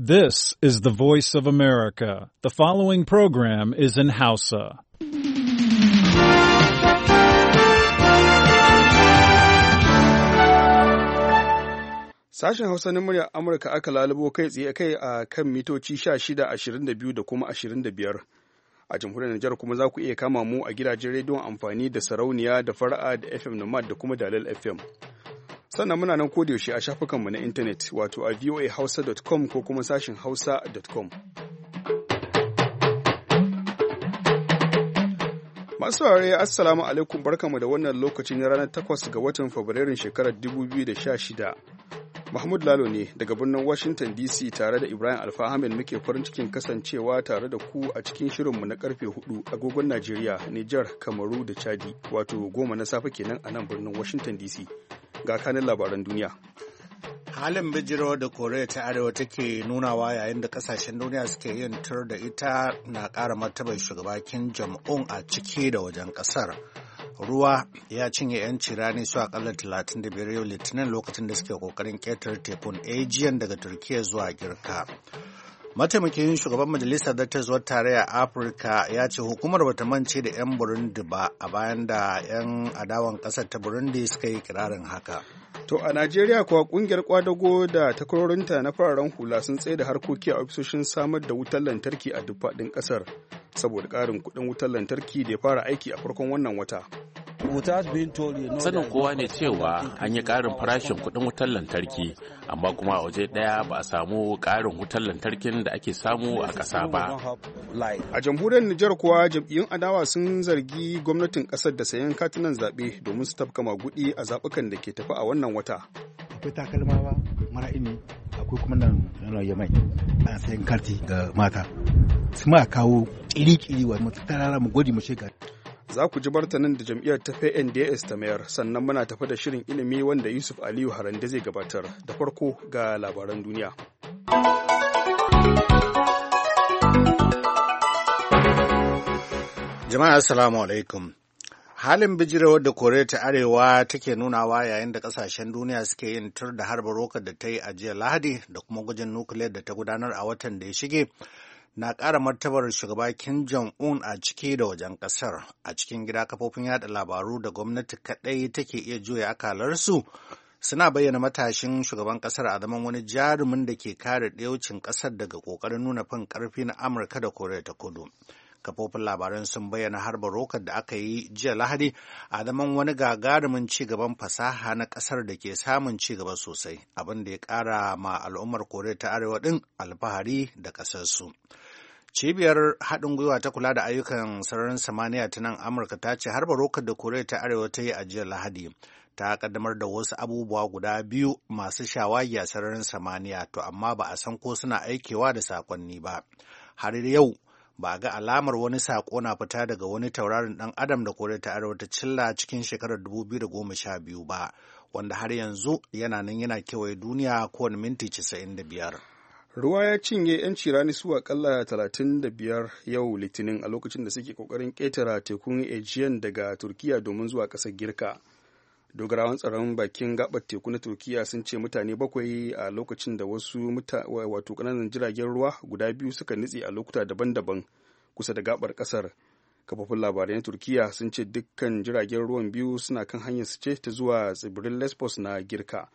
This is the voice of America. The following program is in Hausa. Sashen Hausa na muryar Amurka aka lalubo kai tsaye kai a kan mitoci 16, 22 da kuma 25. A jamhuriyar Nijar kuma za ku iya kama mu a gidajen rediyon amfani da sarauniya da fara'a da FM Nomad da kuma Dalil FM. sannan muna nan yaushe a shafukanmu na intanet wato a voahausa.com ko kuma sashin hausa.com masu ware assalamu alaikum barkanmu' da wannan lokacin ranar 8 ga watan fabrairun shekarar 2016 Mahmud Lalo ne daga birnin Washington DC tare da Ibrahim Alfahamin muke farin cikin kasancewa tare da ku a cikin shirinmu na karfe 4 agogon Najeriya, Nijar, Kamaru da Chadi wato goma na safe kenan a nan birnin Washington DC. Ga kanin labaran duniya. Halin bijiro da koreya ta Arewa take nunawa yayin da kasashen duniya suke yin tur da ita na ƙara martabar shugaba Kim jong a cike da wajen ƙasar. ruwa ya cinye yanci rani su akalla 35 yau litinin lokacin da suke kokarin ketar tekun aegean daga turkiya zuwa girka mataimakin shugaban majalisar dattazuwar tarayya afirka ya ce hukumar bata mance da 'yan burundi ba a bayan da 'yan adawan ƙasar ta burundi suka yi kirarin haka To a Najeriya kuwa kungiyar kwadago da takwarorinta na fararen hula sun tsaye da harkoki a ofisoshin samar da wutar lantarki a duk faɗin ƙasar saboda ƙarin kuɗin wutar lantarki da ya fara aiki a farkon wannan wata. Sanin kowa ne cewa an yi karin farashin kuɗin wutar lantarki, amma kuma a waje ɗaya ba a samu ƙarin wutar lantarkin da ake samu a ƙasa ba. A jamhuriyar Nijar kuwa jam'iyyun adawa sun zargi gwamnatin kasar da sayan katunan zaɓe domin su tafka maguɗi a zaɓukan da ke tafi a wannan wata. Akwai takalma ba mara imi akwai kuma nan mai a sayan karti ga mata. Su ma kawo ƙiri-ƙiri wa mu tarara mu mu za ku ji martanin da jam'iyyar ta PNDS ta mayar sannan muna tafi da shirin ilimi wanda Yusuf Aliyu Harande zai gabatar da farko ga labaran duniya. Jama'a Assalamu alaikum. Halin bijirar da Koriya ta Arewa take nunawa yayin da kasashen duniya suke yin tur da harba rokar da ta yi a jiya Lahadi da kuma gwajin nukiliyar da ta gudanar a watan da ya shige na ƙara martabar shugaba Kim Jong-un a ciki da wajen ƙasar. A cikin gida kafofin yada labaru da gwamnati kaɗai take iya juya akalarsu suna bayyana matashin shugaban ƙasar a zaman wani jarumin da ke kare ɗaucin ƙasar daga ƙoƙarin nuna fin ƙarfi na Amurka da Koriya ta Kudu. kafofin labaran sun bayyana harba rokar da aka yi jiya lahadi a zaman wani gagarumin ci gaban fasaha na kasar da ke samun ci gaba sosai abin da ya kara ma al'ummar koriya ta arewa din alfahari da kasarsu cibiyar haɗin gwiwa ta kula da ayyukan sararin samaniya ta nan amurka ta ce harba rokar da koriya ta arewa ta yi a jiya lahadi ta kaddamar da wasu abubuwa guda biyu masu shawagi a sararin samaniya to amma ba a san ko suna aikewa da sakonni ba har yau ba ga alamar wani saƙo na fita daga wani taurarin ɗan adam da kore ta arewa ta cilla cikin shekarar 2012 ba wanda har yanzu yana nan yana kewaye duniya kowane minti 95 ruwa ya cinye 'yanci rani su akalla 35 yau litinin a lokacin da suke kokarin ƙetara tekun aegean daga turkiya domin zuwa ƙasar girka dogarawan tsaron bakin gabar teku na turkiya sun ce mutane bakwai a lokacin da wasu wato kananan jiragen ruwa guda biyu suka nitse a lokuta daban-daban kusa da gabar kasar kafafun labarai na turkiya sun ce dukkan jiragen ruwan biyu suna kan hanyar su ce ta zuwa tsibirin lesbos na girka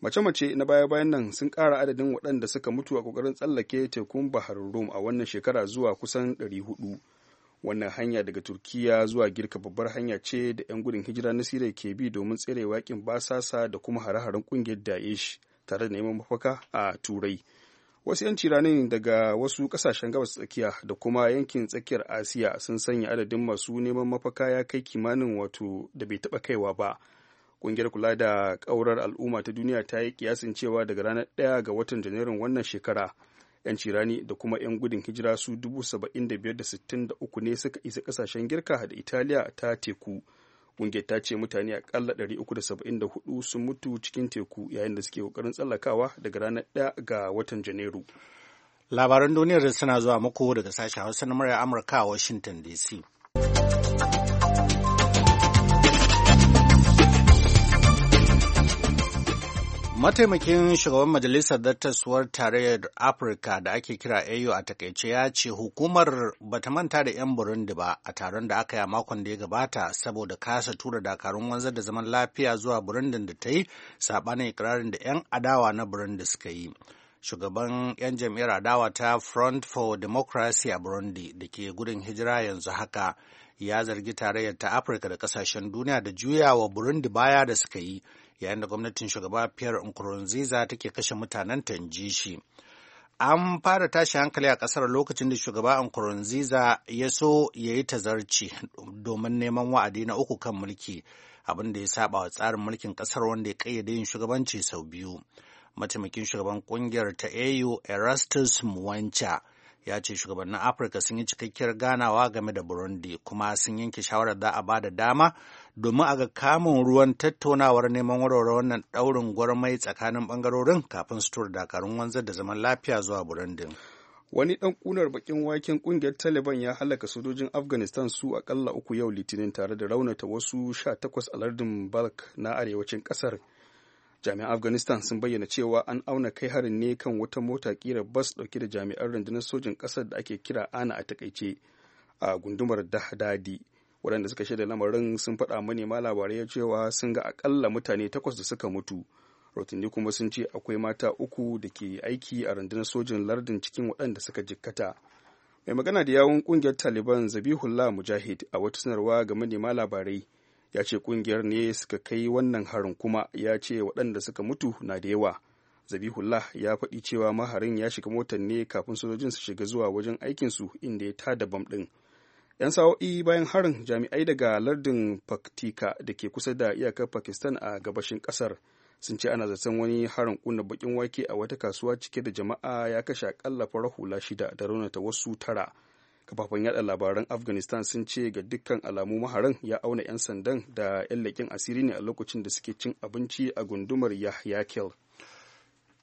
mace-mace na baya-bayan nan sun kara adadin waɗanda suka mutu a kokarin tsallake tekun bahar rum a wannan shekara zuwa kusan 400 wannan hanya daga turkiya zuwa girka babbar hanya ce da 'yan gudun hijira na siriya ke bi domin tsere wakin basasa da kuma hare-haren kungiyar daesh tare da neman mafaka a turai wasu 'yan ciranin daga wasu kasashen gabas tsakiya da kuma yankin tsakiyar asiya sun sanya adadin masu neman mafaka ya kai kimanin wato da bai taɓa kaiwa ba ƙungiyar kula da ƙaurar al'umma ta duniya ta yi kiyasin cewa daga ranar 1 ga watan janairun wannan shekara 'yan cirani da kuma 'yan gudun hijira su 75,063 ne suka isa kasashen girka da italiya ta teku ƙungiyar ta ce mutane akalla 374 sun mutu cikin teku yayin da suke ƙoƙarin tsallakawa daga ranar 1 ga watan janairu labaran duniyar suna zuwa muku daga sashen hausa na murya amurka a washington dc Mataimakin shugaban Majalisar Dattasuwar Tarayyar Afirka da ake kira AU a takaice ya ce hukumar bata manta da 'yan Burundi ba a taron da aka yi a makon da ya gabata saboda kasa tura dakarun wanzar da zaman lafiya zuwa Burundi da ta yi saɓanin ikirarin da 'yan adawa na Burundi suka yi. Shugaban 'yan jam'iyyar adawa ta Front for Democracy a Burundi da ke gudun hijira yanzu haka ya zargi tarayyar ta Afirka da kasashen duniya da juyawa Burundi baya da suka yi. yayin da gwamnatin shugaba Pierre Nkurunziza take kashe mutanen Tanjishi, An fara tashi hankali a ƙasar lokacin da shugaba Nkurunziza ya so ya yi tazarci domin neman wa'adi na uku kan mulki, abin da ya saba wa tsarin mulkin ƙasar wanda ya ƙayyade yin shugabanci sau biyu. Mataimakin shugaban ƙungiyar ta AU Erastus Muwancha ya ce shugabannin afirka sun yi cikakkiyar ganawa game da burundi kuma sun yanke shawarar za a ba da dama domin a ga kamun ruwan tattaunawar neman warware wannan daurin gwarmai tsakanin bangarorin kafin su tura dakarun wanzar da zaman lafiya zuwa burundi wani dan kunar bakin waken kungiyar taliban ya halaka sojojin afghanistan su akalla uku yau litinin tare da raunata wasu 18 a lardin balk na arewacin kasar jami'an afghanistan sun bayyana cewa an auna kai harin ne kan wata mota kira bas dauke da jami'an rundunar sojin kasar da ake kira ana a takaice a gundumar dahdadi waɗanda suka shaida lamarin sun faɗa manema labarai cewa sun ga akalla mutane takwas da suka mutu rotunni kuma sun ce akwai mata uku da ke aiki a rundunar sojin lardin cikin waɗanda suka jikkata mai magana da yawun ƙungiyar taliban zabihullah mujahid a wata sanarwa ga manema labarai ya ce kungiyar ne suka kai wannan harin kuma ya ce waɗanda suka mutu na da yawa zabihullah ya faɗi cewa maharin ya shiga motar ne kafin sojojin su shiga zuwa wajen aikinsu inda ya tada bam ɗin yan sa'o'i bayan harin jami'ai daga lardin faktika da ke kusa da iyakar pakistan a gabashin ƙasar sun ce ana zaton wani harin kunna bakin wake a wata kasuwa cike da jama'a ya kashe akalla farar hula shida da raunata wasu tara kafafen yada labaran afghanistan sun ce ga dukkan alamu maharan ya auna 'yan sandan da 'yan lakin asiri ne a lokacin da suke cin abinci a gundumar yahyakel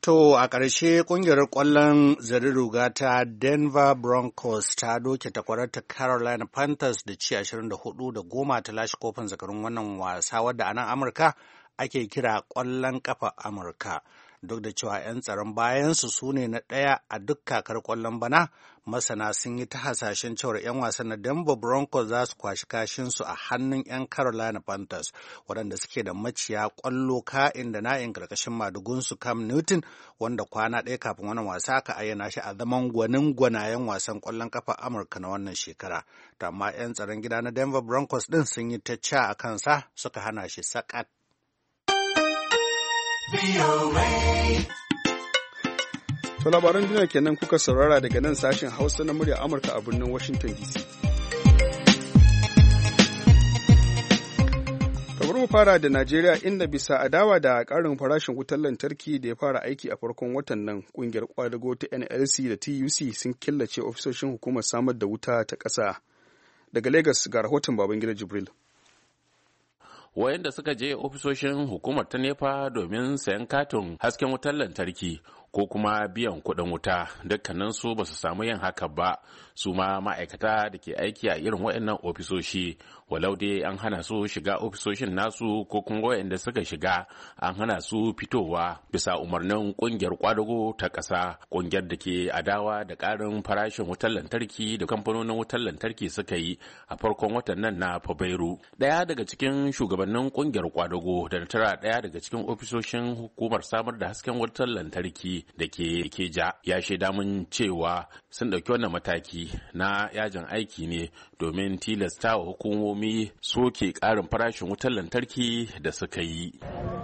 To a ƙarshe ƙungiyar ƙwallon zariruga ta Denver Broncos ta doke ta Carolina Panthers da ci 24 da goma ta lashe kofin zakarun wannan wasa wadda a nan Amurka ake kira ƙwallon ƙafa Amurka. duk da cewa 'yan tsaron bayansu su ne na ɗaya a duk kakar ƙwallon bana masana sun yi ta hasashen cewar 'yan wasan na denver broncos za su kwashi kashinsu a hannun 'yan carolina panthers waɗanda suke da maciya ƙwallo ka'in da na'in ƙarƙashin madugunsu cam newton wanda kwana ɗaya kafin wannan wasa aka ayyana shi a zaman gwanin gwanayen wasan ƙwallon kafa amurka na wannan shekara to amma 'yan tsaron gida na denver broncos ɗin sun yi ta ca a kansa suka hana shi sakat To labaran duniya kenan kuka saurara daga nan sashen Hausa na murya Amurka a birnin Washington DC. mu fara da Najeriya inda bisa adawa da ƙarin farashin wutar lantarki da ya fara aiki a farkon watan nan ƙungiyar kwadago ta NLC da TUC sun killace ofisoshin hukumar samar da wuta ta ƙasa. Daga Legas ga rahoton Babangida Jibril. wayanda suka je ofisoshin hukumar ta nefa domin sayan katin hasken wutar lantarki ko kuma biyan kuɗin wuta dukkanin su ba su samu yin haka ba su ma ma'aikata da ke aiki a irin waɗannan ofisoshi walau dai an hana su shiga ofisoshin nasu ko kuma waɗanda suka shiga an hana su fitowa bisa umarnin ƙungiyar kwadago ta ƙasa ƙungiyar da ke adawa da ƙarin farashin wutar lantarki da kamfanonin wutar lantarki suka yi a farkon watan nan na fabairu ɗaya daga cikin shugabannin ƙungiyar kwadago da tara ɗaya daga cikin ofisoshin hukumar samar da hasken wutar lantarki da ke Keja ya shaida mun cewa sun ɗauki wannan mataki na yajin aiki ne domin tilasta wa hukumomi soke ƙarin farashin wutar lantarki da suka yi.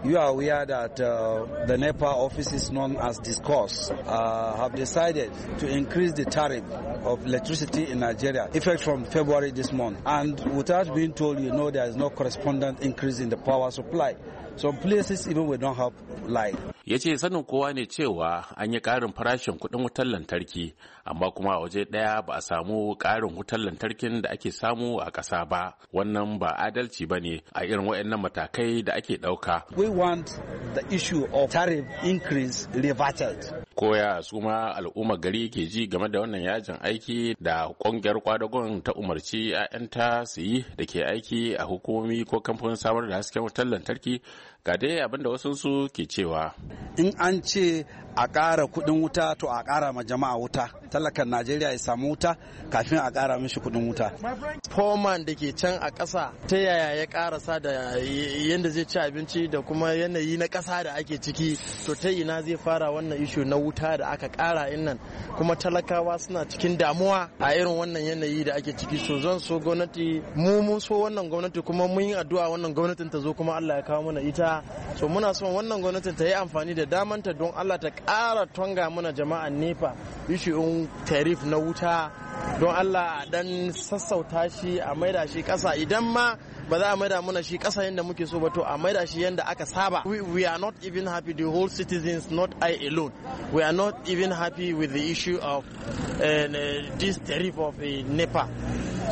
You are aware that uh, the NEPA offices known as Discourse uh, have decided to increase the tariff of electricity in Nigeria effect from February this month. And without being told, you know there is no correspondent increase in the power supply. Some places even we don't have light. Ya ce sanin kowa ne cewa cewa an yi ƙarin farashin kuɗin wutar lantarki amma kuma a waje ɗaya ba a samu ƙarin wutar lantarkin da ake samu a ƙasa ba wannan ba adalci ba ne a irin waɗannan matakai da ake ɗauka. We want the issue of tariff increase reverted koya su ma al'ummar gari ke ji game da wannan yajin aiki da ƙungiyar kwadagon ta umarci 'ya'yanta su yi da ke aiki a hukumomi ko kamfanin samar da hasken wutar lantarki ga dai abin da wasu su ke cewa in an ce a ƙara kuɗin wuta to a ƙara ma jama'a wuta talakan najeriya ya samu wuta kafin a ƙara mishi kuɗin wuta foman da ke can a ƙasa ta yaya ya ƙarasa da yadda zai ci abinci da kuma yanayi na ƙasa da ake ciki to ta ina zai fara wannan ishu na wuta da aka kara innan kuma talakawa suna cikin damuwa a irin wannan yanayi da ake ciki so zan so gwamnati mu mun so wannan gwamnati kuma mun yi addu'a wannan gwamnatin ta zo kuma Allah ya kawo mana ita so muna son wannan gwamnatin ta yi amfani da damanta don Allah ta kara tonga mana jama'an nefa ishi'un tarif na wuta don allah a dan sassauta shi a maida shi ƙasa idan ma ba za a maida mana shi ƙasa yadda muke so ba to a maida shi yadda aka saba we are not even happy the whole citizens not i alone we are not even happy with the issue of uh, this tariff of uh, nepa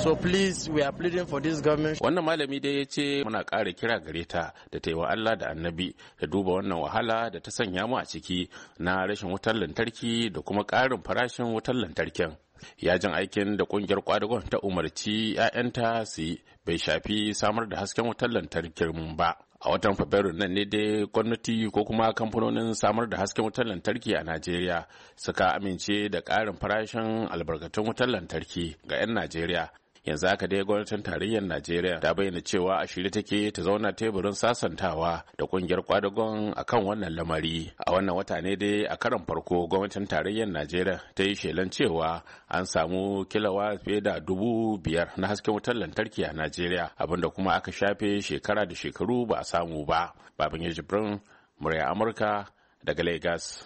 so please we are pleading for this government wannan malami dai ya ce muna ƙara kira gare ta da ta yi wa Allah da annabi da duba wannan wahala da ta sanya mu a ciki na rashin wutar lantarki da kuma karin farashin wutar lantarkin yajin aikin da kungiyar kwadagon ta umarci 'ya'yanta su yi bai shafi samar da hasken wutar lantarkin ba a watan fabrairu nan ne dai gwamnati ko kuma kamfanonin samar da hasken wutar lantarki a najeriya suka amince da ƙarin farashin albarkatun wutar lantarki ga 'yan najeriya yanzu haka dai gwamnatin tarayyar najeriya ta bayyana cewa a shirye take ta zauna teburin sasantawa da kungiyar kwadagon akan wannan lamari a wannan wata ne dai a karon farko gwamnatin tarayyar najeriya ta yi shelan cewa an samu kilawa fiye da dubu biyar na hasken wutar lantarki a najeriya abinda kuma aka shafe shekara da shekaru ba a samu ba babin ya murya amurka daga lagos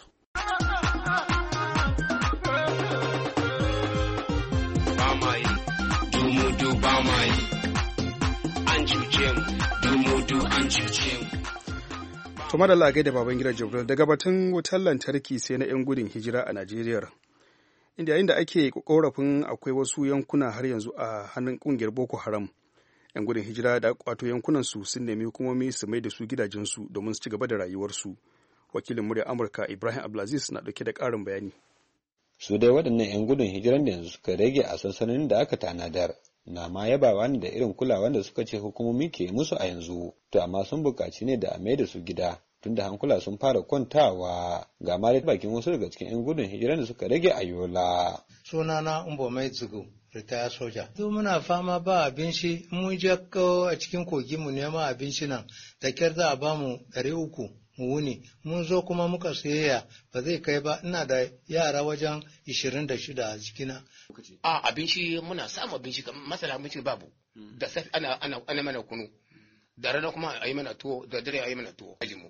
To madalla gaida baban gidan Jibril daga batun wutar lantarki sai na 'yan gudun hijira a Najeriya. Inda yayin da ake korafin akwai wasu yankuna har yanzu a hannun kungiyar Boko Haram. 'Yan gudun hijira da kwato yankunan su sun nemi hukumomi su mai da su gidajensu domin su ci gaba da rayuwarsu. Wakilin murya Amurka Ibrahim Abdulaziz na dauke da karin bayani. Su dai waɗannan 'yan gudun hijiran da yanzu suka rage a sansanin da aka tanadar na ma yabawa ne da irin kulawan da suka ce hukumomi ke musu a yanzu to amma sun bukaci ne da a mai da su gida tunda hankula sun fara kwantawa ga ta bakin wasu daga cikin 'yan gudun hijiran da suka rage a yola. na umbo mai zugu ritaya soja. To muna fama ba abinci mun je a cikin kogi mu neman abinci nan da kyar za a bamu ɗari uku mu wuni mun zo kuma muka sayayya ba zai kai ba ina da yara wajen 26 a jikina. A abinci muna samun abinci masara abinci babu hmm. da safi ana mana kunu da rana kuma a yi mana tuwo da dare a yi mana tuwo ajinmu.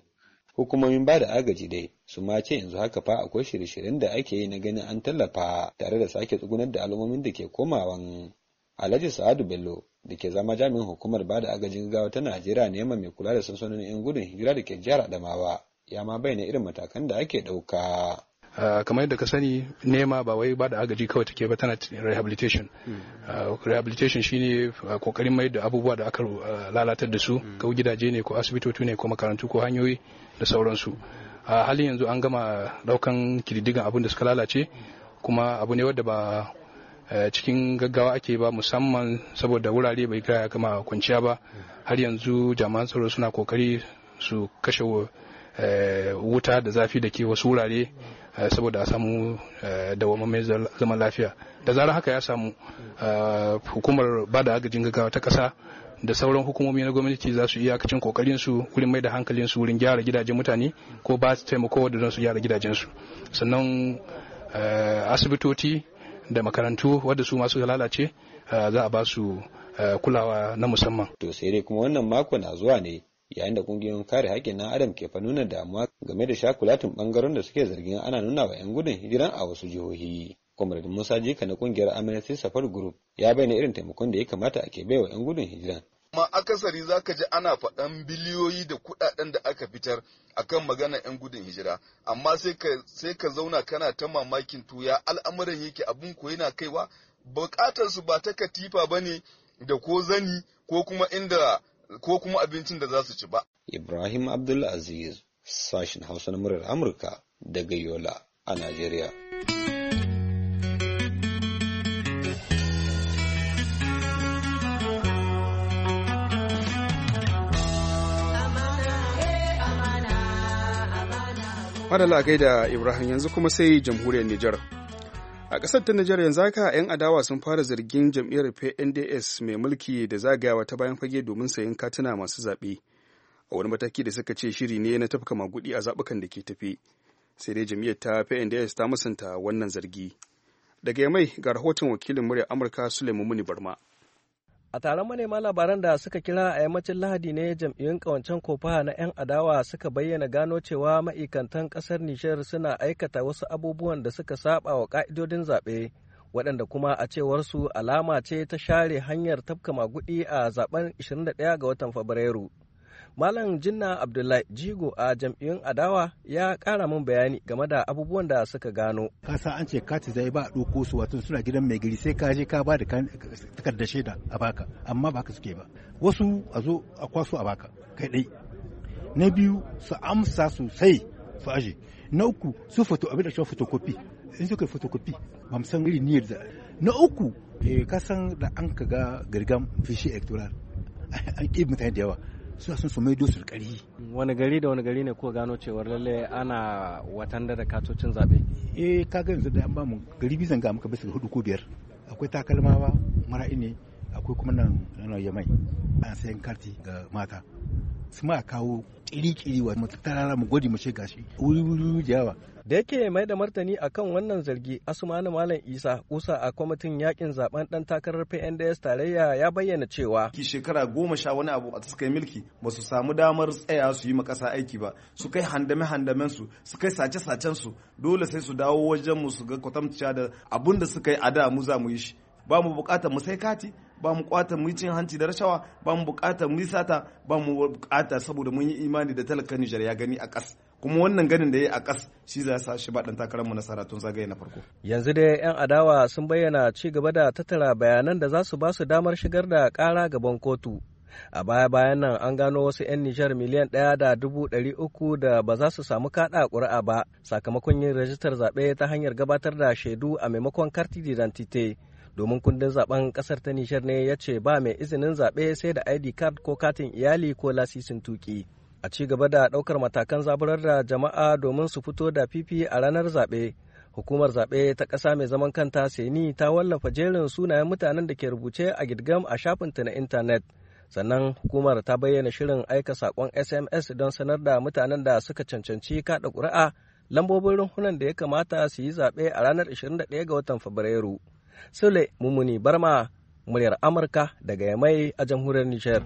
hukumomin ba da agaji dai su ma ce yanzu haka fa akwai shirye-shiryen da ake yi na ganin an tallafa tare da sake tsugunar da al'ummomin da ke komawan alhaji sa'adu bello da ke zama jami'in hukumar ba da agajin gawa ta najeriya ne mai kula da sansanonin 'yan gudun hijira da ke jihar adamawa ya ma bayyana irin matakan da ake ɗauka. Uh, kamar yadda ka sani nema ba wai ba da agaji kawai take ba tana rehabilitation uh, rehabilitation shine uh, kokarin mai da abubuwa da aka lalatar da su mm. ko gidaje ne ko asibitoci ne ko makarantu ko hanyoyi da sauransu a halin yanzu an gama daukan kididdigan abin da suka lalace kuma abu ne wadda ba Eh, cikin gaggawa ake ba musamman saboda wurare bai ga gama kwanciya ba har yanzu jami'an tsaro suna kokari su kashe eh, wuta da zafi da ke wasu wurare eh, saboda a samu mai zaman lafiya da zarar haka ya samu hukumar ba da agajin gaggawa ta ƙasa da sauran hukumomi na gwamnati za su iya kokarin kokarinsu wurin mai da hankalinsu wurin gyara gidajen mutane ko ba su taimako da don su gyara gidajensu sannan asibitoci da makarantu wadda su masu lalace eh, za a ba su eh, kulawa na musamman. To sai dai kuma wannan mako na zuwa ne yayin da kungiyoyin kare haƙƙin na adam ke fa nuna damuwa game da shakulatin bangaren da suke zargin ana nuna wa 'yan gudun hijiran a wasu jihohi. Kwamrad Musa Jika na kungiyar Amnesty Safar Group ya bayyana irin taimakon da ya kamata a ake baiwa 'yan gudun hijiran ma akasari za ka ji ana faɗan biliyoyi da kuɗaɗen da aka fitar a kan magana 'yan gudun hijira amma sai ka zauna kana ta mamakin tuya al'amuran yake abin koyi na kaiwa su ba ta katifa ba ne da ko zani ko kuma abincin da za su ci ba. Ibrahim Abdulaziz sashen Hausa na murar Amurka daga Yola a Najeriya. a gaida Ibrahim yanzu kuma sai jamhuriyar Nijar. A ƙasar ta Nijar yanzu haka 'yan adawa sun fara zargin jam'iyyar PNDS mai mulki da zagayawa ta bayan fage domin sayan katuna masu zaɓe. A wani mataki da suka ce shiri ne na tafka magudi a zaɓukan da ke tafi. Sai dai jam'iyyar ta PNDS ta musanta wannan zargi. Daga mai ga rahoton wakilin murya Amurka Suleiman Muni Barma. A taron manema labaran da suka kira a yammacin Lahadi ne jam'iyyun ƙawancen kofa na 'yan adawa suka bayyana gano cewa ma'ikantan ƙasar Nijar suna aikata wasu abubuwan da suka saba wa ƙa'idodin zaɓe, waɗanda kuma a cewar su alama ce ta share hanyar tafka magudi a zaben 21 ga watan Fabrairu. Malam Jinna Abdullahi Jigo a jam'iyyun adawa ya kara min bayani game da abubuwan da suka gano. Ka sa an ce kati zai ba a ɗauko su wato suna gidan mai gari sai ka je ka ba da takardar shaida a baka amma ba ka suke ba. Wasu a zo a kwaso a baka kai ɗai. Na biyu su amsa sosai su aje. Na uku su foto abin da shi fotokofi. In suka yi fotokofi ba mu san irin niyyar da. Na uku eh, ka san da an ka ga girgam fishi electoral an ƙi mutane da yawa. suna son su maido su kari wani gari da wani gari ne kuwa gano cewar lalle ana watan da katocin zabe eh ka ga yanzu da an bamu gari bi zanga muka bisa hudu ko biyar akwai takalmawa mara ne akwai kuma nan yamai ana sayan karti ga mata su ma kawo kiri-kiri wa matattarara mu gwadi mu ce gashi wuri-wuri da yawa. Da yake mai da martani akan wannan zargi Asumani Malam Isa kusa a kwamitin yakin zaben dan takarar PNDS tarayya ya bayyana cewa. Ki shekara goma sha wani abu a suka milki, ba su samu damar tsaya su yi makasa aiki ba su kai handame-handamen su su kai sace-sacen su dole sai su dawo wajen mu su ga kwatamta da abun da suka yi a da mu za mu yi shi. Ba mu bukatar mu sai kati ba mu kwata mu cin hanci da rashawa ba mu bukata mu sata ba mu bukata saboda mun yi imani da talakan Nijar ya gani a kas kuma wannan ganin da ya a kas shi za sa shi ba dan takarar mu nasara tun zagaye na farko yanzu dai yan adawa sun bayyana ci gaba da tattara bayanan da za su ba su damar shigar da kara gaban kotu a baya-bayan nan an gano wasu 'yan nijar miliyan ɗaya da dubu ɗari uku da ba za su samu kaɗa ƙuri'a ba sakamakon yin rajistar zaɓe ta hanyar gabatar da shaidu a maimakon karti d'identite domin kundin zaben kasar ta nishar ne ya ce ba mai izinin zaɓe sai da id card ko katin iyali ko lasisin tuki a ci gaba da ɗaukar matakan zaburar da jama'a domin su fito da fifi a ranar zaɓe hukumar zaɓe ta ƙasa mai zaman kanta seni ta wallafa jerin sunayen mutanen da ke rubuce a gidgam a shafinta na intanet sannan hukumar ta bayyana shirin aika sakon sms don sanar da mutanen da suka cancanci kaɗa ƙuri'a lambobin runhunan da ya kamata su yi zaɓe a ranar 21 ga watan fabrairu Sule Mumuni Barma, muryar Amurka daga Yamai a jamhuriyar Nijar.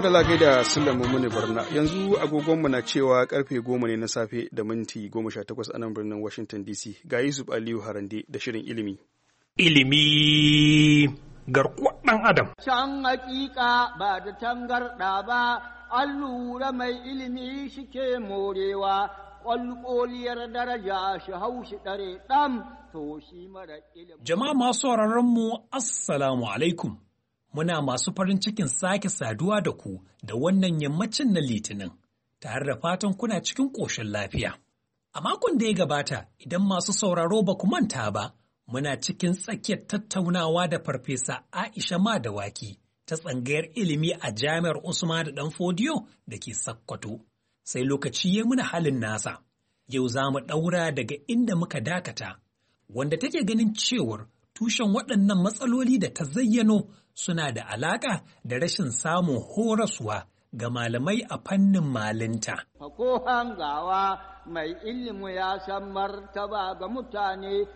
Adala da Sule Mumuni Barna yanzu agogonmu na cewa karfe goma ne na safe da minti goma sha takwas a nan birnin Washington DC ga Yusuf Aliyu Harande da shirin ilimi. Ilimi garkuwa ɗan adam. Can hakika ba da tangarɗa ba, an lura mai ilimi shi ke morewa, ƙwalƙoliyar daraja shi hau shi ɗare ɗan to shi mara ilimi. Jama'a masu mu Assalamu alaikum. Muna masu farin cikin sake saduwa da ku da wannan yammacin na litinin, tare da fatan kuna cikin ƙoshin lafiya. A makon da ya gabata, idan masu sauraro ba ku manta ba, muna cikin tsakiyar tattaunawa da farfesa Aisha ma da Madawaki ta tsangayar ilimi a jami'ar Usman da Danfodiyo da ke Sakkwato. Sai lokaci ya muna halin nasa. Yau za mu ɗaura daga inda muka dakata, wanda take ganin cewar tushen waɗannan matsaloli da ta zayyano suna da alaƙa da rashin samun horaswa ga malamai a fannin malinta. Ko hangawa mai ilimu ya san martaba ga mutane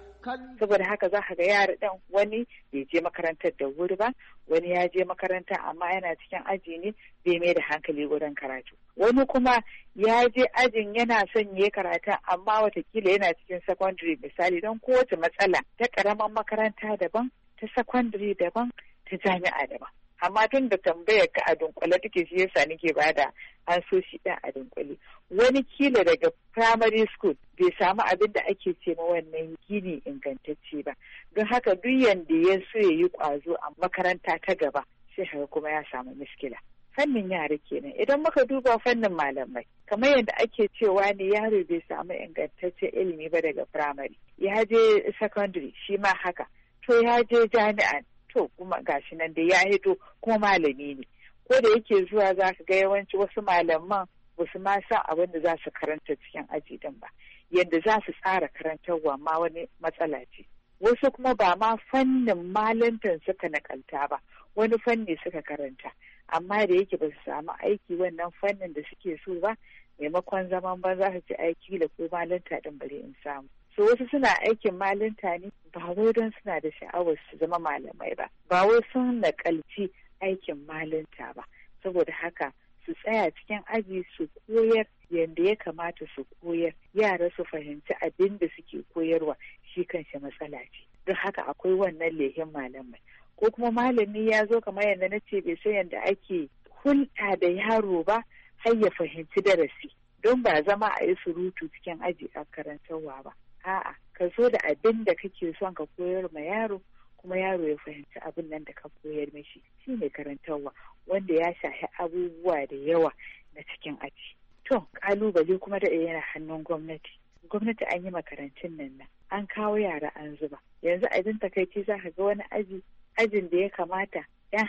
saboda haka za ka ga yara ɗan wani bai je makarantar da wuri ba wani ya je makaranta amma yana cikin aji ne bai mai da hankali wurin karatu wani kuma ya je ajin yana son ya karatu amma watakila yana cikin secondary misali don kowace matsala ta karaman makaranta daban ta secondary daban ta jami'a daban amma tun da tambayar ka a dunkule take shi yasa nake bada an so shi ɗan a dunkule wani kila daga primary school bai samu abin da ake ce ma wannan gini ingantacce ba don haka duk yanda ya so ya yi ƙwazo a makaranta ta gaba sai haka kuma ya samu miskila fannin yara kenan idan muka duba fannin malamai kamar yadda ake cewa ne yaro bai samu ingantaccen ilimi ba daga primary ya je secondary shi ma haka to ya je jami'an. to kuma gashi nan da ya hito kuma malami ne ko da yake zuwa za ka ga yawanci wasu malaman ba su ma sa abin da za su karanta cikin aji din ba yadda za su tsara karantarwa ma wani matsala ce wasu kuma ba ma fannin malantan suka nakalta ba wani fanni suka karanta amma da yake ba su samu aiki wannan fannin da suke so ba maimakon zaman ba za su ci aiki da ko malanta din bare in samu so wasu suna aikin malinta ne ba wai don suna da sha'awar su zama malamai ba ba wai sun nakalci aikin malinta ba saboda haka su tsaya cikin aji su koyar yadda ya kamata su koyar yara su fahimci abin da suke koyarwa shi kan kanshi matsala ce don haka akwai wannan lehin malamai ko kuma malami ya zo kamar yadda na ce bai san yadda ake hulɗa da yaro ba har ya fahimci darasi don ba zama a yi surutu cikin aji a karantarwa ba a'a ka zo da abin da kake son ka koyar ma yaro kuma yaro ya fahimci abin nan da ka koyar Shi ne karantarwa wanda ya shafi abubuwa da yawa na cikin aji to kalubale kuma da yana hannun gwamnati gwamnati an yi makarantun nan nan an kawo yara an zuba yanzu abin takaici za ka ga wani aji ajin da ya kamata yan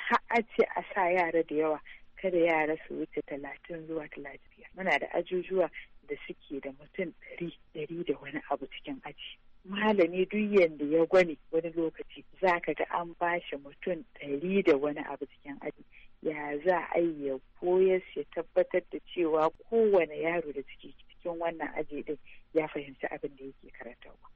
ce a sa yara da yawa kada yara su wuce talatin zuwa talatin biyar muna da ajujuwa da suke da mutum ɗari ɗari da wani abu cikin aji malami duk yanda ya gwani wani lokaci za ka ga an shi mutum ɗari da wani abu cikin aji ya za a yi ya koyas ya tabbatar da cewa kowane yaro da ciki cikin wannan aji din ya fahimci abin da yake karantarwa.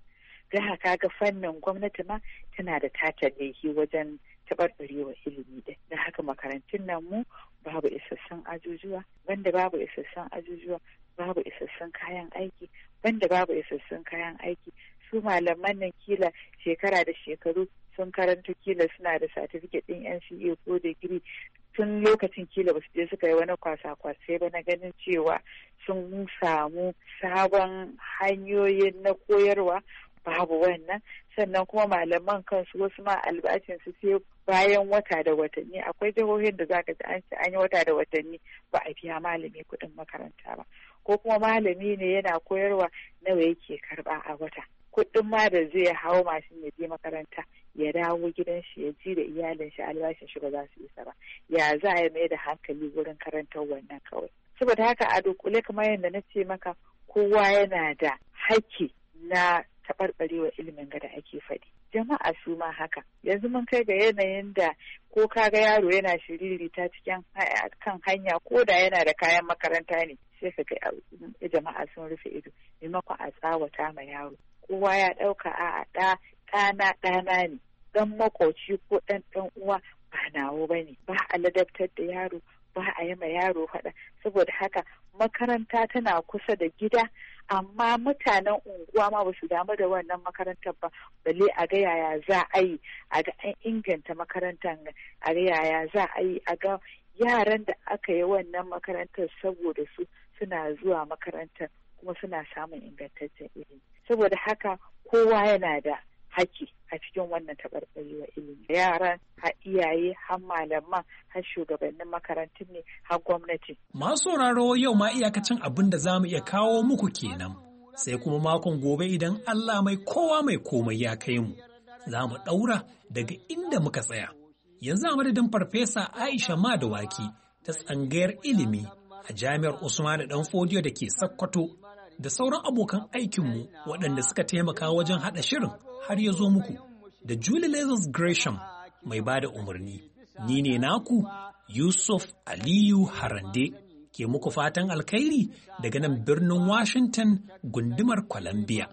gaha haka ga fannin gwamnati ma tana da tata wajen taɓarɓarewa ilimi ɗin da haka makarantun nan mu babu isassun ajujuwa banda babu isassun ajujuwa babu isassun kayan aiki banda babu isassun kayan aiki su malaman nan kila shekara da shekaru sun karanta kila suna da satifiket ɗin NCA ko digiri tun lokacin kila basu je suka yi wani kwasa-kwasai ba na ganin cewa sun samu sabon hanyoyin na koyarwa babu wannan sannan kuma malaman kansu wasu ma albashin su sai bayan wata da watanni akwai jihohin da zaka ji an ce an yi wata da watanni ba a biya malami kuɗin makaranta ba ko kuma malami ne yana koyarwa nawa yake karba a wata kuɗin ma da zai hau mashin ya je makaranta ya dawo gidan shi ya ji da iyalin shi albashin shi ba za su isa ba ya za a mai da hankali wurin karantar wannan kawai saboda haka a dunkule kamar yadda na ce maka kowa yana da haƙƙi na taɓarɓarewa ilimin gada ake faɗi jama'a su ma haka yanzu mun kai ga yanayin da ko kaga yaro yana ta cikin kan hanya ko da yana da kayan makaranta ne sai ka ga eh, jama'a sun rufe ido maimakon a tsawata ma yaro kowa ya ɗauka a ɗa ɗana ɗana ne ɗan makoci ko ɗan ɗan uwa ba nawo ba ne ba a ladabtar da yaro ba a yi ma yaro faɗa saboda haka makaranta tana kusa da gida amma mutanen unguwa ma ba su damu da wannan makarantar ba balle a ga yaya za a yi a ga an inganta makarantar a ga yaya za a yi a ga yaran da aka yi wannan makarantar saboda su suna zuwa makarantar kuma suna samun ingantaccen ilimi saboda haka kowa yana da haki a cikin wannan taɓarɓarewa ilimi yaran ha iyaye har malaman har shugabannin makarantun ne har gwamnati. masu sauraro yau ma iyakacin abin da za mu iya kawo muku kenan sai kuma makon gobe idan allah mai kowa mai komai ya kai mu za mu ɗaura daga inda muka tsaya yanzu a madadin farfesa aisha madawaki ta tsangayar ilimi a jami'ar usmanu dan fodiyo da ke Sokoto. da sauran abokan aikinmu waɗanda suka taimaka wajen haɗa shirin har ya zo muku da Julie Lazarus Gresham mai ba da umarni. Ni ne naku Yusuf Aliyu Harande ke muku fatan alkhairi daga nan birnin Washington gundumar Columbia.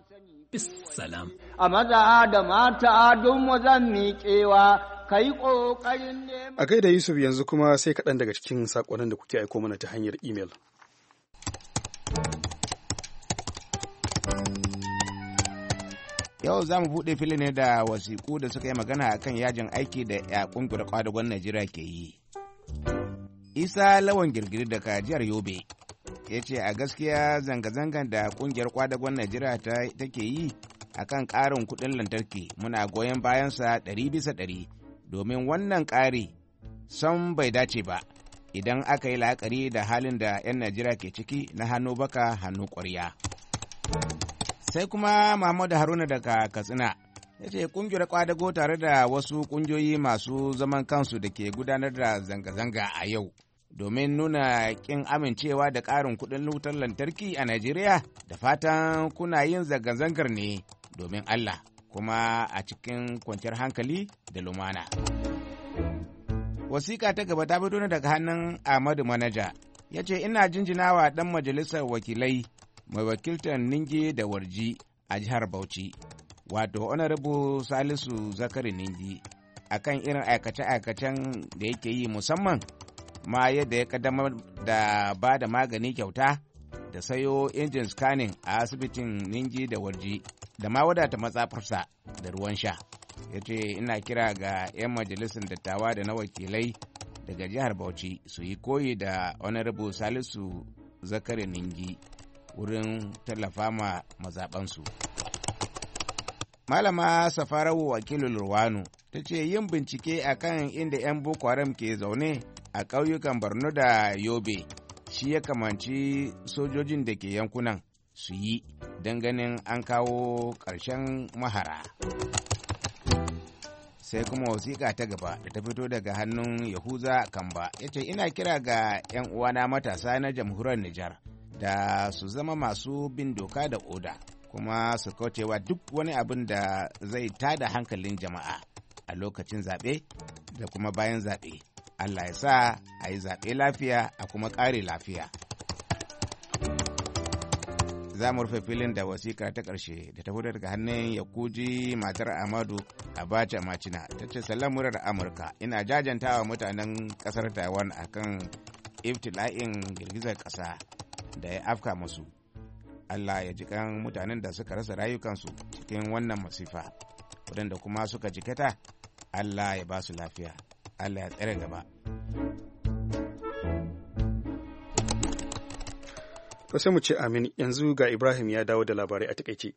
Salam. A maza da mata don wajen miƙewa ka yi ƙoƙarin neman. A gaida Yusuf yanzu kuma sai kaɗan daga cikin saƙonin da kuke aiko mana ta hanyar imel. yau za mu buɗe filin ne da wasiku da suka yi magana a kan yajin aiki da ya ƙungiyar kwadagon najeriya ke yi isa lawan girgiri daga jihar yobe ya ce a gaskiya zanga-zangan da ƙungiyar kwadagon najeriya take yi a kan ƙarin kuɗin lantarki muna goyon bayansa ɗari bisa ɗari domin wannan ƙari san bai dace ba idan aka yi la'akari da halin da 'yan najeriya ke ciki na hannu baka hannu ƙwarya. sai kuma Muhammadu Haruna daga Katsina ya ce kungiyar kwadago tare da wasu kungiyoyi masu zaman kansu da ke gudanar da zanga-zanga a yau domin nuna kin amincewa da ƙarin kuɗin wutar lantarki a Najeriya da fatan kuna yin zanga-zangar ne domin Allah kuma a cikin kwanciyar hankali da lumana. Wasiƙa ta gaba ta fito daga hannun Ahmadu Manaja ya ce ina jinjinawa ɗan majalisar wakilai mai wakiltar ningi da warji a jihar bauchi wato honorable salisu zakari ningi akan irin aikace-aikacen da yake yi musamman ma yadda ya kaddamar da ba da magani kyauta da sayo injin scanning a asibitin ningi da warji da ma wadata matsafarsa da ruwan sha ya ce ina kira ga 'yan majalisar dattawa da na wakilai daga jihar bauchi su yi koyi da honorable salisu zakari ningi wurin tallafa ma mazaɓansu. Malama Safarawo wakilul Ruwanu ta ce yin bincike a kan inda 'yan Boko Haram ke zaune a ƙauyukan Borno da Yobe shi ya kamanci sojojin da ke yankunan su yi don ganin an kawo ƙarshen mahara. sai kuma wasiƙa ta gaba da ta fito daga hannun yahuza kamba ya ce ina kira ga 'yan uwana matasa na jamhuriyar nijar da su zama masu bin doka da oda kuma su kaucewa duk wani abin da zai tada hankalin jama'a a lokacin zaɓe da kuma bayan zaɓe. Allah ya sa a yi zaɓe lafiya a kuma ƙare lafiya. Za mu rufe filin da wasiƙa ta ƙarshe da ta fito daga hannun Yakuji matar Amadu Abacha Macina ta ce salon murar Amurka ina jajantawa mutanen ƙasar Taiwan akan iftila'in girgizar ƙasa da ya afka masu allah ya jikan mutanen da suka rasa rayukansu cikin wannan masifa waɗanda kuma suka jikata allah ya ba su lafiya allah ya tsere gaba to mu ce amin yanzu ga ibrahim ya dawo da labarai a takaice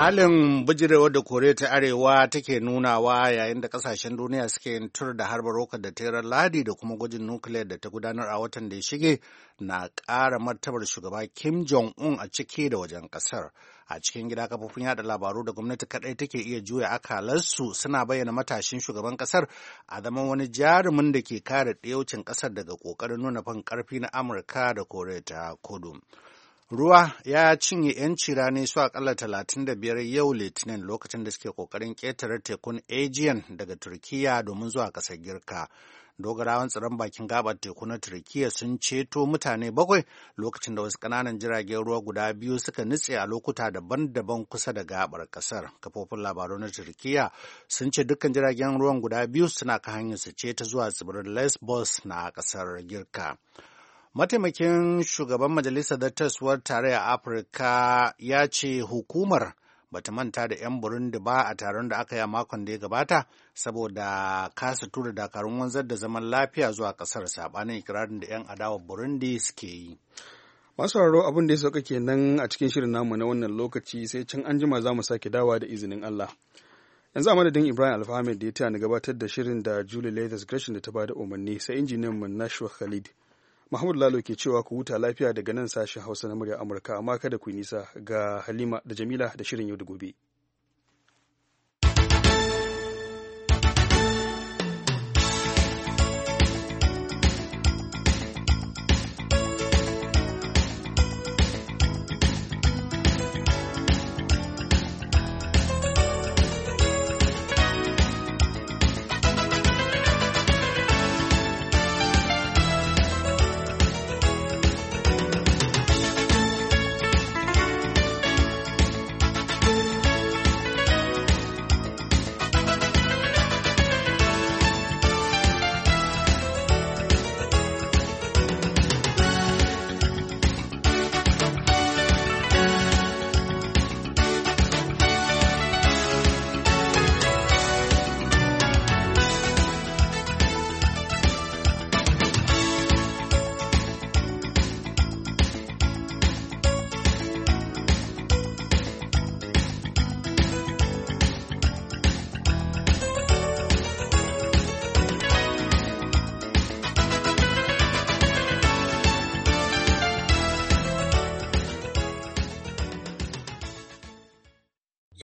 Halin bijirewa da Koriya ta Arewa take nunawa yayin da kasashen duniya suke yin tur da harbar roka da terar ladi da kuma gwajin nukiliyar da ta gudanar a watan da ya shige na ƙara martabar shugaba Kim Jong-un a ciki da wajen ƙasar. A cikin gida kafofin yada labaru da gwamnati kaɗai take iya juya akalarsu suna bayyana matashin shugaban ƙasar a zaman wani jarumin da ke kare ɗiyaucin ƙasar daga ƙoƙarin nuna fan ƙarfi na Amurka da Koriya ta Kudu. Ruwa ya cinye 'yanci rani su akalla 35 yau Litinin lokacin da suke kokarin ƙetare tekun Aegean daga Turkiya domin zuwa ƙasar Girka. Dogarawan tsaron bakin gabar teku na Turkiya sun ceto mutane bakwai lokacin da wasu ƙananan jiragen ruwa guda biyu suka nutse a lokuta daban-daban kusa da gabar ƙasar. Kafofin labaru na Turkiya sun ce dukkan jiragen ruwan guda biyu suna ka hanyar su ce zuwa tsibirin Lesbos na ƙasar Girka. Mataimakin shugaban Majalisar Dattaswar Tarayya Afirka ya ce hukumar bata manta da 'yan Burundi ba a taron da aka yi a makon da ya gabata saboda kasa tura dakarun wanzar da zaman lafiya zuwa kasar sabanin ikirarin da 'yan adawa Burundi suke yi. Masu sauraro abin da ya sauka kenan a cikin shirin namu na wannan lokaci sai can an jima za mu sake dawa da izinin Allah. Yanzu a madadin Ibrahim Alfahamid da ya taya ni gabatar da shirin da Julie Leathers Gresham da ta da umarni sai injiniyan mu Nashua Khalid. Mahmud Lalo ke cewa ku huta lafiya daga nan sashen Hausa na murya Amurka amma kada ku nisa ga Halima da Jamila da shirin yau da gobe.